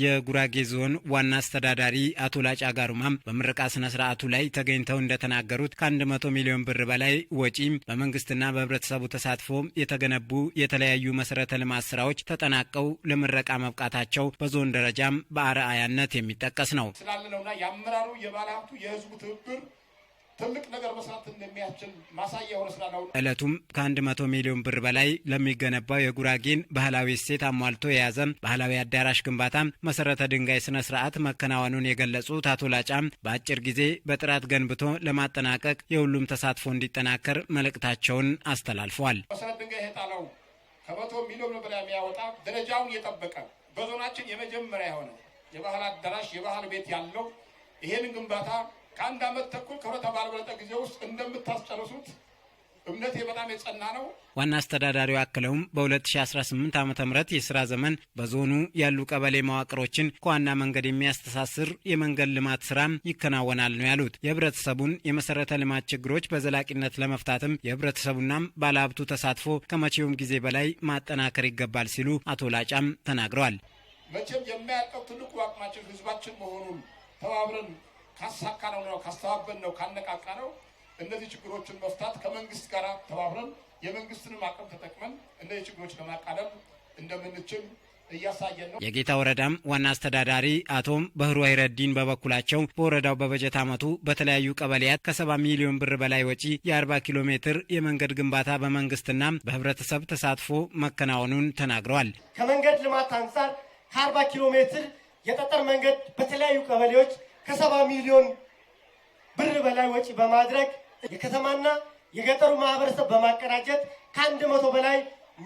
የጉራጌ ዞን ዋና አስተዳዳሪ አቶ ላጫ ጋሩማም በምረቃ ስነ ስርዓቱ ላይ ተገኝተው እንደተናገሩት ከ100 ሚሊዮን ብር በላይ ወጪም በመንግስትና በህብረተሰቡ ተሳትፎ የተገነቡ የተለያዩ መሰረተ ልማት ስራዎች ተጠናቀው ለምረቃ መብቃታቸው በዞን ደረጃም በአርአያነት የሚጠቀስ ነው ስላለነውና የአመራሩ የባለሀብቱ የህዝቡ ትብብር ትልቅ ነገር መስራት እንደሚያስችል ማሳያ ሆነ ስራ ነው። ከአንድ መቶ ሚሊዮን ብር በላይ ለሚገነባው የጉራጌን ባህላዊ እሴት አሟልቶ የያዘ ባህላዊ አዳራሽ ግንባታ መሰረተ ድንጋይ ስነ ስርዓት መከናወኑን የገለጹት አቶ ላጫም በአጭር ጊዜ በጥራት ገንብቶ ለማጠናቀቅ የሁሉም ተሳትፎ እንዲጠናከር መልእክታቸውን አስተላልፈዋል። ድንጋይ የጣለው ከመቶ ሚሊዮን በላይ የሚያወጣ ደረጃውን የጠበቀ በዞናችን የመጀመሪያ የሆነ የባህል አዳራሽ የባህል ቤት ያለው ይሄን ግንባታ ከአንድ ዓመት ተኩል ከሁለት ባልበለጠ ጊዜ ውስጥ እንደምታስጨርሱት እምነቴ በጣም የጸና ነው። ዋና አስተዳዳሪው አክለውም በ2018 ዓ ም የስራ ዘመን በዞኑ ያሉ ቀበሌ መዋቅሮችን ከዋና መንገድ የሚያስተሳስር የመንገድ ልማት ስራም ይከናወናል ነው ያሉት። የህብረተሰቡን የመሰረተ ልማት ችግሮች በዘላቂነት ለመፍታትም የህብረተሰቡናም ባለሀብቱ ተሳትፎ ከመቼውም ጊዜ በላይ ማጠናከር ይገባል ሲሉ አቶ ላጫም ተናግረዋል። መቼም የማያልቀው ትልቁ አቅማችን ህዝባችን መሆኑን ተባብረን ካሳካነው ነው ካነቃቃ ነው እነዚህ ችግሮችን መፍታት ከመንግስት ጋር ተባብረን የመንግስትንም አቅም ተጠቅመን እነዚህ ችግሮች ለማቃለም እንደምንችል እያሳየን ነው። የጌታ ወረዳም ዋና አስተዳዳሪ አቶም በህሩ አይረዲን በበኩላቸው በወረዳው በበጀት ዓመቱ በተለያዩ ቀበሌያት ከሰባ ሚሊዮን ብር በላይ ወጪ የ40 ኪሎ ሜትር የመንገድ ግንባታ በመንግስትና በህብረተሰብ ተሳትፎ መከናወኑን ተናግረዋል። ከመንገድ ልማት አንጻር ከ40 ኪሎ ሜትር የጠጠር መንገድ በተለያዩ ቀበሌዎች ከሰባ ሚሊዮን ብር በላይ ወጪ በማድረግ የከተማና የገጠሩ ማህበረሰብ በማቀናጀት ከአንድ መቶ በላይ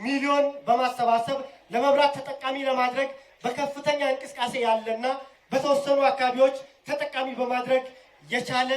ሚሊዮን በማሰባሰብ ለመብራት ተጠቃሚ ለማድረግ በከፍተኛ እንቅስቃሴ ያለና በተወሰኑ አካባቢዎች ተጠቃሚ በማድረግ የቻለ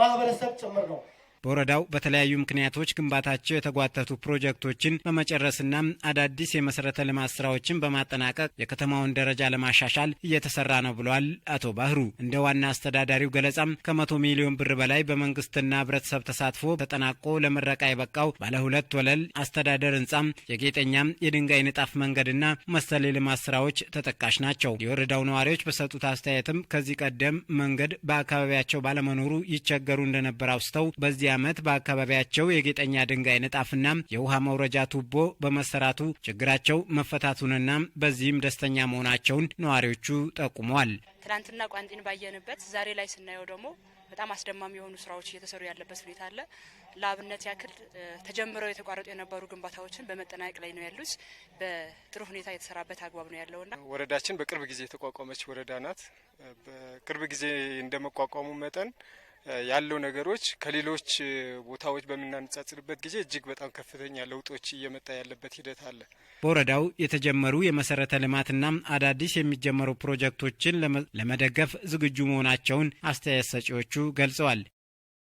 ማህበረሰብ ጭምር ነው። በወረዳው በተለያዩ ምክንያቶች ግንባታቸው የተጓተቱ ፕሮጀክቶችን በመጨረስና አዳዲስ የመሰረተ ልማት ስራዎችን በማጠናቀቅ የከተማውን ደረጃ ለማሻሻል እየተሰራ ነው ብሏል አቶ ባህሩ። እንደ ዋና አስተዳዳሪው ገለጻም ከመቶ ሚሊዮን ብር በላይ በመንግስትና ህብረተሰብ ተሳትፎ ተጠናቆ ለምረቃ የበቃው ባለ ሁለት ወለል አስተዳደር ህንጻም የጌጠኛም የድንጋይ ንጣፍ መንገድና መሰል የልማት ስራዎች ተጠቃሽ ናቸው። የወረዳው ነዋሪዎች በሰጡት አስተያየትም ከዚህ ቀደም መንገድ በአካባቢያቸው ባለመኖሩ ይቸገሩ እንደነበር አውስተው በዚያ ዓመት በአካባቢያቸው የጌጠኛ ድንጋይ ንጣፍና የውሃ መውረጃ ቱቦ በመሰራቱ ችግራቸው መፈታቱንና በዚህም ደስተኛ መሆናቸውን ነዋሪዎቹ ጠቁመዋል። ትናንትና ቋንጤን ባየንበት ዛሬ ላይ ስናየው ደግሞ በጣም አስደማሚ የሆኑ ስራዎች እየተሰሩ ያለበት ሁኔታ አለ። ለአብነት ያክል ተጀምረው የተቋረጡ የነበሩ ግንባታዎችን በመጠናቀቅ ላይ ነው ያሉት። በጥሩ ሁኔታ የተሰራበት አግባብ ነው ያለውና ወረዳችን በቅርብ ጊዜ የተቋቋመች ወረዳ ናት። በቅርብ ጊዜ እንደመቋቋሙ መጠን ያለው ነገሮች ከሌሎች ቦታዎች በምናነጻጽርበት ጊዜ እጅግ በጣም ከፍተኛ ለውጦች እየመጣ ያለበት ሂደት አለ። በወረዳው የተጀመሩ የመሰረተ ልማትና አዳዲስ የሚጀመሩ ፕሮጀክቶችን ለመደገፍ ዝግጁ መሆናቸውን አስተያየት ሰጪዎቹ ገልጸዋል።